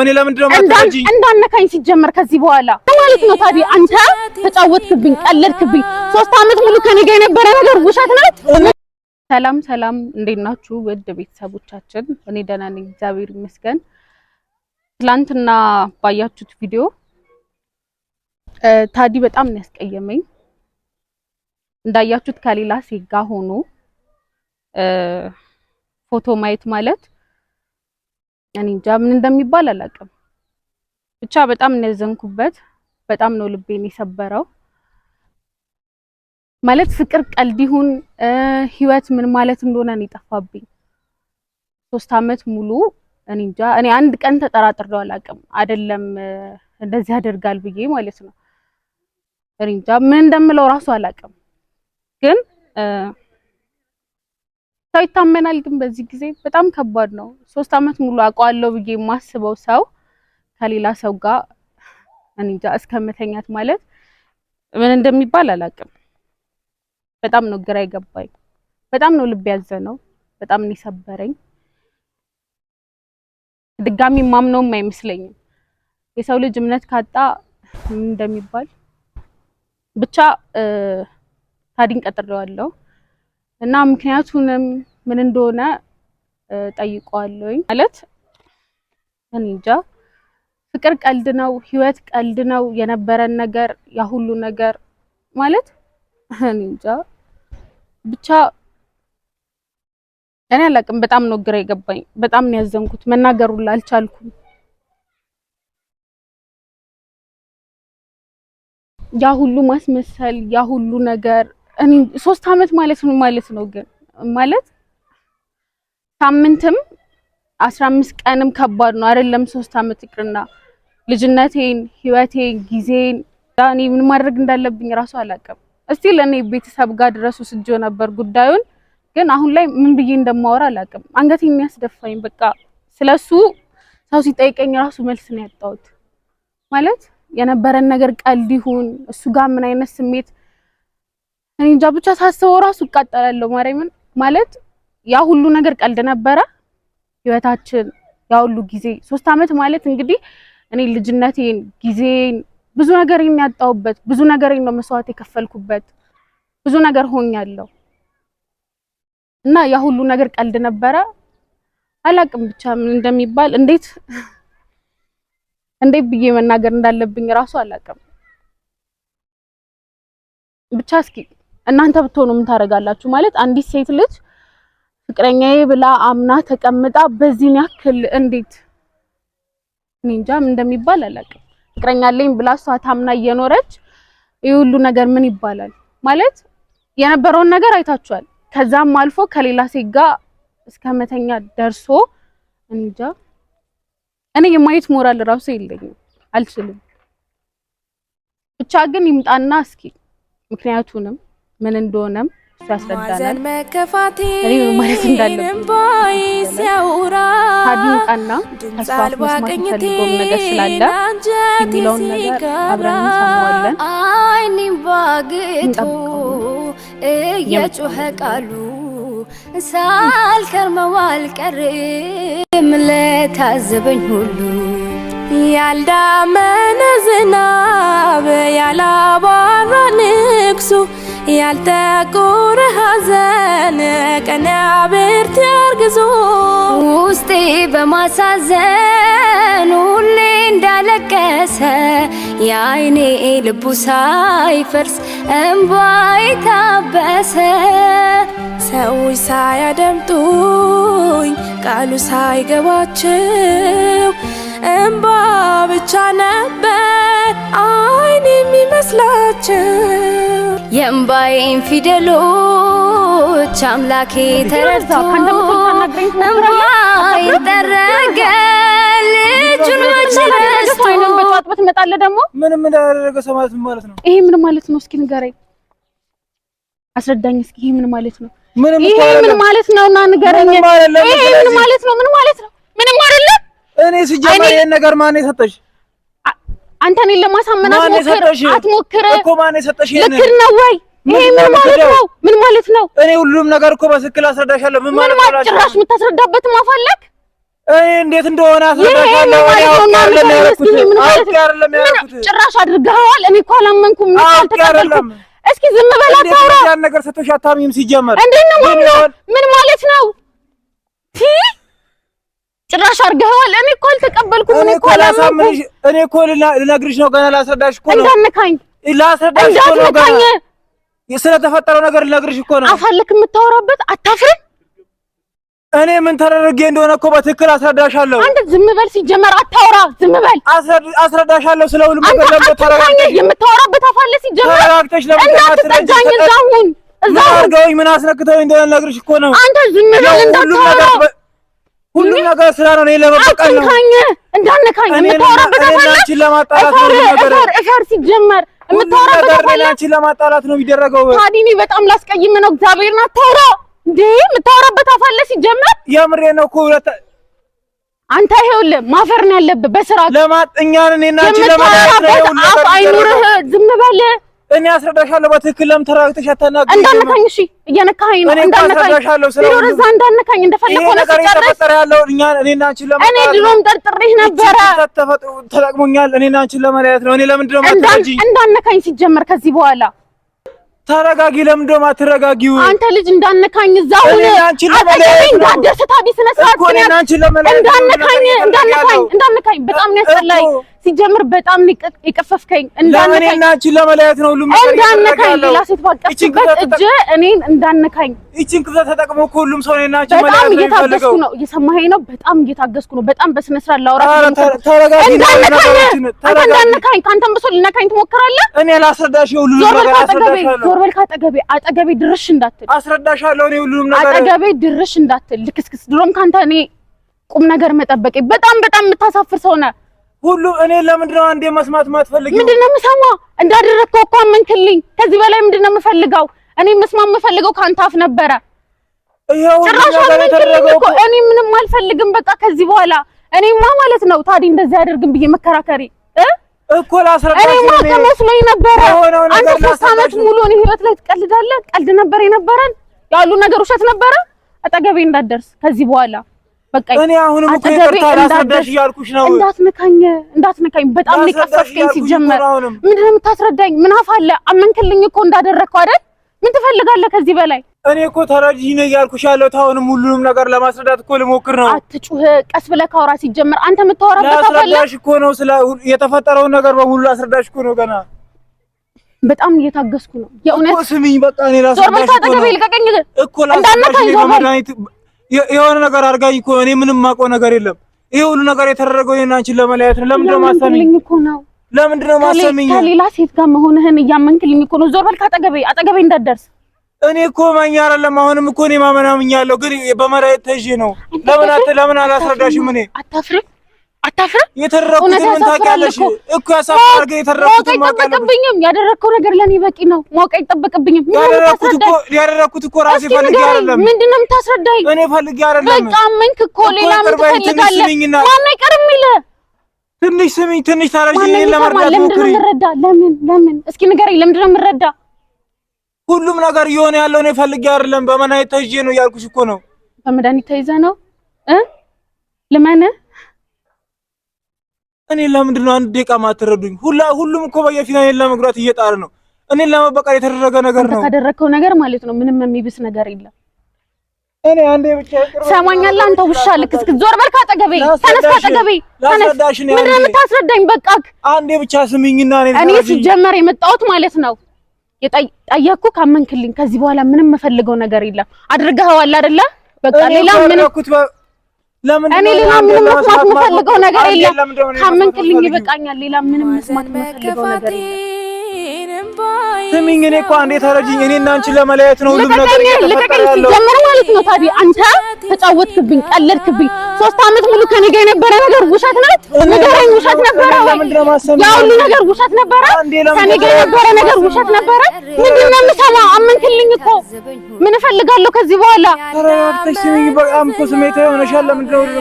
እኔ ለምንድን ነው የማትረጂኝ? እንዳነካኝ ሲጀመር ከዚህ በኋላ ማለት ነው። ታዲያ አንተ ተጫወትክብኝ፣ ቀለድክብኝ። ሶስት አመት ሙሉ ከኔ ጋር የነበረ ነገር ውሸት ናት። ሰላም ሰላም፣ እንዴት ናችሁ ውድ ቤተሰቦቻችን? እኔ ደህና ነኝ እግዚአብሔር ይመስገን። ትላንትና ባያችሁት ቪዲዮ ታዲ በጣም ነው ያስቀየመኝ። እንዳያችሁት ከሌላ ሴት ጋር ሆኖ ፎቶ ማየት ማለት እኔ እንጃ ምን እንደሚባል አላውቅም። ብቻ በጣም ነው ያዘንኩበት። በጣም ነው ልቤን የሰበረው። ማለት ፍቅር ቀልድ ይሁን ህይወት ምን ማለት እንደሆነ ነው የጠፋብኝ። ሶስት አመት ሙሉ እኔ እንጃ እኔ አንድ ቀን ተጠራጥሬው አላውቅም። አይደለም እንደዚህ ያደርጋል ብዬ ማለት ነው። እኔ እንጃ ምን እንደምለው ራሱ አላውቅም ግን ሰው ይታመናል፣ ግን በዚህ ጊዜ በጣም ከባድ ነው። ሶስት አመት ሙሉ አውቀዋለሁ ብዬ የማስበው ሰው ከሌላ ሰው ጋር እኔ እንጃ እስከ መተኛት ማለት ምን እንደሚባል አላውቅም። በጣም ነው ግራ የገባኝ፣ በጣም ነው ልብ ያዘነው፣ በጣም ነው የሰበረኝ። ድጋሚ ማምነውም አይመስለኝም የሰው ልጅ እምነት ካጣ ምን እንደሚባል ብቻ ታዲን ቀጥሬዋለሁ። እና ምክንያቱንም ምን እንደሆነ ጠይቀዋለሁኝ። ማለት እንጃ ፍቅር ቀልድ ነው፣ ህይወት ቀልድ ነው። የነበረን ነገር ያ ሁሉ ነገር ማለት እንጃ ብቻ እኔ አላውቅም። በጣም ነው ግራ የገባኝ። በጣም ነው ያዘንኩት። መናገሩላ አልቻልኩም። ያ ሁሉ ማስመሰል ያ ሁሉ ነገር ሶስት አመት ማለት ነው ማለት ነው። ግን ማለት ሳምንትም አስራ አምስት ቀንም ከባድ ነው አይደለም። ሶስት አመት ይቅርና ልጅነቴን፣ ህይወቴን፣ ጊዜን ዳኒ ምን ማድረግ እንዳለብኝ ራሱ አላውቅም። እስቲ ለእኔ ቤተሰብ ጋር ድረሱ ስጆ ነበር ጉዳዩን ግን አሁን ላይ ምን ብዬ እንደማወራ አላውቅም። አንገቴ የሚያስደፋኝ በቃ ስለሱ ሰው ሲጠይቀኝ ራሱ መልስ ነው ያጣሁት። ማለት የነበረን ነገር ቀልድ ይሁን እሱ ጋር ምን አይነት ስሜት እኔ እንጃ ብቻ ሳስበው ራሱ እቃጠላለሁ። ማርያምን ማለት ያ ሁሉ ነገር ቀልድ ነበረ ህይወታችን ያ ሁሉ ጊዜ ሶስት አመት ማለት እንግዲህ እኔ ልጅነቴን ጊዜን ብዙ ነገር የሚያጣውበት ብዙ ነገር ነው መስዋዕት የከፈልኩበት ብዙ ነገር ሆኛለሁ እና ያ ሁሉ ነገር ቀልድ ነበረ። አላቅም ብቻ ምን እንደሚባል እንዴት እንዴት ብዬ መናገር እንዳለብኝ ራሱ አላቅም ብቻ እስኪ እናንተ ብትሆኑ ምን ታደርጋላችሁ? ማለት አንዲት ሴት ልጅ ፍቅረኛዬ ብላ አምና ተቀምጣ በዚህን ያክል እንዴት እኔ እንጃ እንደሚባል አላውቅም። ፍቅረኛ አለኝ ብላ እሷ ታምና እየኖረች ይህ ሁሉ ነገር ምን ይባላል? ማለት የነበረውን ነገር አይታችኋል። ከዛም አልፎ ከሌላ ሴት ጋር እስከ መተኛ ደርሶ እንጃ እኔ የማየት ሞራል ራሱ የለኝም፣ አልችልም። ብቻ ግን ይምጣና እስኪ ምክንያቱንም ምን እንደሆነም እሱ ያስረዳናል። ማለት እንዳለባይ ሲያውራ ባግጡ እየጮኸ ቃሉ ሳልከርመው አልቀርም ለታዘበኝ ሁሉ ያልዳመነ ዝናብ ያላባራ ንግሱ ያልጠቁር ሐዘን ብርት ያርግዞ ውስጤ በማሳዘን ሁሌ እንዳለቀሰ የአይኔ ልቡ ሳይፈርስ እምባይ ታበሰ። ሰዎች ሳያደምጡኝ ቃሉ ሳይገባቸው የእምባዬን ፊደሎች አምላኬ ተረድቶ እምባዬ ጠረገ። ልጁን መች ረስቶ ደግሞ ምንም እንዳላደረገ ሰው ማለት ምን ማለት ነው? ይሄ ምን ማለት ነው? እስኪ ንገረኝ፣ አስረዳኝ እስኪ ይሄ ምን ማለት ነው? ይሄ ምን ማለት ነው? እና ንገረኝ፣ ይሄ ምን ማለት ነው? ምን ማለት ነው? ምንም አይደለም። እኔ ሲጀመር ይሄን ነገር ማነው የሰጠሽ? አንተ እኔን ለማሳመን አትሞክር እኮ። ማን የሰጠሽ? ልክ ነው ወይ? ይሄ ምን ማለት ነው? ምን ማለት ነው? እኔ ሁሉም ነገር እኮ በስክል አስረዳሻለሁ። ምን ማለት ነው? ጭራሽ የምታስረዳበት ማፈለግ እኔ እንዴት እንደሆነ አስረዳሻለሁ። ጭራሽ አድርገኸዋል። እኔ እኮ አላመንኩም ነው አልተቀበልኩም። እስኪ ዝም በላ ታውራ ያን ነገር ሰጥቶሽ አታሚም። ሲጀመር እንዴት ነው? ምን ማለት ነው? ቲ ጭራሽ አድርገኸዋል። እኔ እኮ አልተቀበልኩም። እኔ እኮ ላሳምንሽ፣ እኔ እኮ ልነግርሽ ነው ገና ላስረዳሽ እኮ ነው። እንዳትነካኝ፣ ላስረዳሽ እኮ ነው ገና ስለተፈጠረው ነገር ልነግርሽ እኮ ነው። አፋልክ የምታወራበት አታፍርም? እኔ ምን ተደርጌ እንደሆነ እኮ በትክክል አስረዳሻለሁ። አንተ ዝም በል፣ ሲጀመር አታውራ፣ ዝም በል። አስረዳሻለሁ ስለ ሁሉም ነገር። ለምን ተረጋግተሽ የምታወራበት አፋለ ሲጀመር ተረጋግተሽ ለምን አትጠጋኝ? እዛው እዛሁን ምን አስነክተው እንደሆነ ልነግርሽ እኮ ነው። አንተ ዝም በል፣ እንዳታወራ ሁሉም ነገር ስራ ነው። እኔ ለመበቀል ነው። አትንካኝ፣ እንዳነካኝ የምታወራበት እፈር። ሲጀመር የምታወራበት ለማጣላት ነው የሚደረገው። ታዲኒ በጣም ላስቀይም ነው። እግዚአብሔርን አታውራ እንዴ! የምታወራበት አፋለ ሲጀመር የምሬ ነው እኮ አንተ ይኸውልህ፣ ማፈር ነው ያለብህ በስራ ለማጥኛን እኔና አንቺ ለማጣላት ነው። አፍ አይኑርህ፣ ዝም በል እኔ አስረዳሻለሁ። በትክክል ለምን ተረጋግተሽ አታናግሪኝ? እንዳነካኝ እሺ፣ እየነካኸኝ ነው። እንዳነካኝ ቢሮር እዛ እንዳነካኝ እንደፈለግ ሆነ ሲጨረስ ያለው እኛ እኔና አንቺን ለመለያየት እኔ ድሮም ጠርጥሬሽ ነበረ። ተጠቅሞኛል። እኔና አንቺን ለመለያየት ነው። እኔ ለምንድን ነው የማትረጂኝ? እንዳነካኝ ሲጀመር ከዚህ በኋላ ተረጋጊ። ለምን ደማ አትረጋጊው? አንተ ልጅ እንዳነካኝ እዛው አጠገቤኝ ጋር ደስታ ቢስነሳት እንዳነካኝ እንዳነካኝ እንዳነካኝ በጣም ነው ያስጠላኝ። ሲጀምር በጣም የቀፈፍከኝ እንዳነካኝ ለመለያየት ነው ሁሉም እንዳነካኝ ሌላ ሴት ባቀፍኩበት እጅ እኔን እንዳነካኝ እቺን ክፍተት ተጠቅሞ ሁሉም ሰው እኔና እቺ ነው በጣም እየታገስኩ ነው። እየሰማኸኝ ነው? በጣም እየታገስኩ ነው። በጣም በስነ ስርዓት ላውራ እንዳነካኝ ከአንተም ብሶ ልነካኝ ትሞክራለህ። እኔ ላስረዳሽ ሁሉም ነገር አስረዳሽ። ዞር በል ከአጠገቤ አጠገቤ ድርሽ እንዳትል አስረዳሻለሁ። እኔ ሁሉም ነገር አጠገቤ ድርሽ እንዳትል ልክስክስ። ድሮም ካንተ እኔ ቁም ነገር መጠበቄ በጣም በጣም የምታሳፍር ሰው ነህ። ሁሉ እኔ ለምንድነው አንዴ መስማት ማትፈልጊው? ምንድነው የምሰማው? እንዳደረግከው እኮ አመንክልኝ። ከዚህ በላይ ምንድነው የምፈልገው? እኔ መስማት የምፈልገው ከአንተ አፍ ነበረ። ጭራሽ አመንክልኝ እኮ። እኔ ምንም አልፈልግም በቃ ከዚህ በኋላ እኔማ ማለት ነው ታዲያ እንደዚህ አያደርግም ብዬ መከራከሪ እኮ ላስረዳሽ። እኔማ ከመስሎኝ ነበረ። አንተ ሶስት ዓመት ሙሉ እኔ ህይወት ላይ ትቀልዳለህ። ቀልድ ነበር የነበረን ያሉ ነገር ውሸት ነበረ። አጠገቤ እንዳትደርስ ከዚህ በኋላ በቃ እኔ አሁንም እኮ ይቅርታ ላስረዳሽ እያልኩሽ ነው። እንዳትንካኝ እንዳትንካኝ፣ በጣም ነው ሲጀመር ምንድን ነው የምታስረዳኝ? ምን አፍ አመንክልኝ እኮ እንዳደረግከው አይደል? ምን ትፈልጋለህ ከዚህ በላይ? እኔ እኮ ተረጅኝ ነው እያልኩሽ ያለሁት። አሁንም ሁሉንም ነገር ለማስረዳት እኮ ልሞክር ነው። አትጩህ፣ ቀስ ብለህ ካውራ። ሲጀመር አንተ የምታወራበት አፍ ላስረዳሽ እኮ ነው፣ ስለ የተፈጠረውን ነገር በሙሉ ላስረዳሽ እኮ ነው ገና በጣም እየታገስኩ ነው የእውነት ስሚኝ፣ በቃ እኔ ላስረዳሽ እኮ ነው። ዞር በል ከአጠገቤ ልቀቀኝ እኮ ላስረዳሽ ነው መድኃኒት የሆነ ነገር አድርጋኝ እኮ እኔ ምንም የማውቀው ነገር የለም። ይሄ ሁሉ ነገር የተደረገው ይሄን አንቺን ለመለያየት ነው። ለምንድን ነው የማሰሚኝ? ለምንድን ነው የማሰሚኝ? ከሌላ ሴት ጋር መሆንህን እያመንክልኝ እኮ ነው። ዞር በል ከአጠገቤ፣ አጠገቤ እንዳትደርስ። እኔ እኮ ማኛ አይደለም። አሁንም እኮ እኔ ማመናምኛለሁ፣ ግን በመለያየት ተይዤ ነው። ለምን አት ለምን አላስረዳሽም? እኔ አታፍርም አታፍርም? የተረኩት ምን ታውቂያለሽ እኮ ያሳፍራል። አድርገህ የተረኩትን ማወቅ አይጠበቅብኝም። ያደረኩት ነገር ለኔ በቂ ነው። ማወቅ አይጠበቅብኝም። ያደረኩት እኮ ያደረኩት እኮ ራሴ ፈልጌ አይደለም። ምንድን ነው የምታስረዳኝ? እኔ ፈልጌ አይደለም። በቃ አመንክ እኮ ሌላ ምን ትፈልጋለህ? ማነው ይቀርም ይልህ? ትንሽ ስሚኝ፣ ትንሽ ታረጅኝ። ለመርዳት ለምንድን ነው የምረዳ? ለምን ለምን? እስኪ ንገረኝ፣ ለምንድን ነው የምረዳ? ሁሉም ነገር እየሆነ ያለው እኔ ፈልጌ አይደለም። በመድኃኒት ተይዤ ነው እያልኩሽ እኮ ነው። በመድኃኒት ተይዘህ ነው እ ልመንህ እኔ ለምንድን ነው አንድ ደቂቃ ማትረዱኝ? ሁላ ሁሉም እኮ በየፊናሌን ለመግባት እየጣረ ነው። እኔን ለመበቀል የተደረገ ነገር ነው። ካደረግከው ነገር ማለት ነው ምንም የሚብስ ነገር የለም። እኔ አንዴ ብቻ ይቅር ሰማኛለህ። አንተ ውሻ ልክስክስ፣ ዞር በል ካጠገቤ፣ ተነስ ካጠገቤ፣ ተነስ። ምንድን ነው የምታስረዳኝ? በቃክ። አንዴ ብቻ ስሚኝና እኔ ሲጀመር የመጣሁት ማለት ነው የጠየቅኩ ካመንክልኝ፣ ከዚህ በኋላ ምንም የምፈልገው ነገር የለም። አድርገኸዋል አይደለ? በቃ ሌላ ምንም እኔ ሌላ ምንም መስማት የምፈልገው ነገር የለም። ካመንክልኝ ይበቃኛል። ሌላ ምንም መስማት የምፈልገው ነገር የለም። ስሚኝ፣ እኔ እኮ አንዴ ተረጅኝ። እኔ እና አንቺ ለመለያየት ነው ሁሉም ነገር እየተፈጠረ ያለው ማለት ነው። ታዲያ አንተ ተጫወትክብኝ፣ ቀለድክብኝ። ሶስት አመት ሙሉ ከኔ ጋር የነበረ ነገር ውሸት ናት። ንገረኝ፣ ውሸት ነበረ ወይ? ያ ሁሉ ነገር ውሸት ነበረ? ከኔ ጋር የነበረ ነገር ውሸት ነበረ? ምንድን ነው የምሰማው? አመንክልኝ እኮ ምን እፈልጋለሁ ከዚህ በኋላ?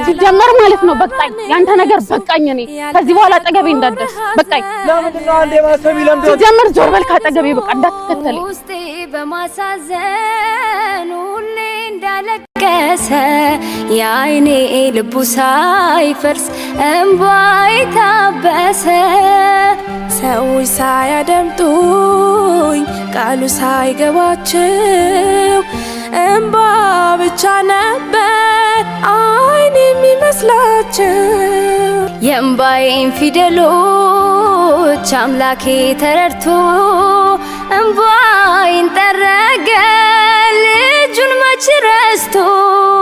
ሲጀመር ማለት ነው በቃኝ፣ ያንተ ነገር በቃኝ። እኔ ከዚህ በኋላ አጠገቤ እንዳትደርስ በቃኝ። ሲጀመር ዞር በል ካጠገቤ፣ በቃ እንዳትከተለኝ። አለቀሰ የአይኔ ልቡ ሳይፈርስ እምባይ ታበሰ። ሰዎች ሳያደምጡኝ ቃሉ ሳይገባቸው እምባ ብቻ ነበር አይን የሚመስላቸው። የእምባዬን ፊደሎች አምላኬ ተረድቶ እምባዬን ጠረገል जन्माची रस्तो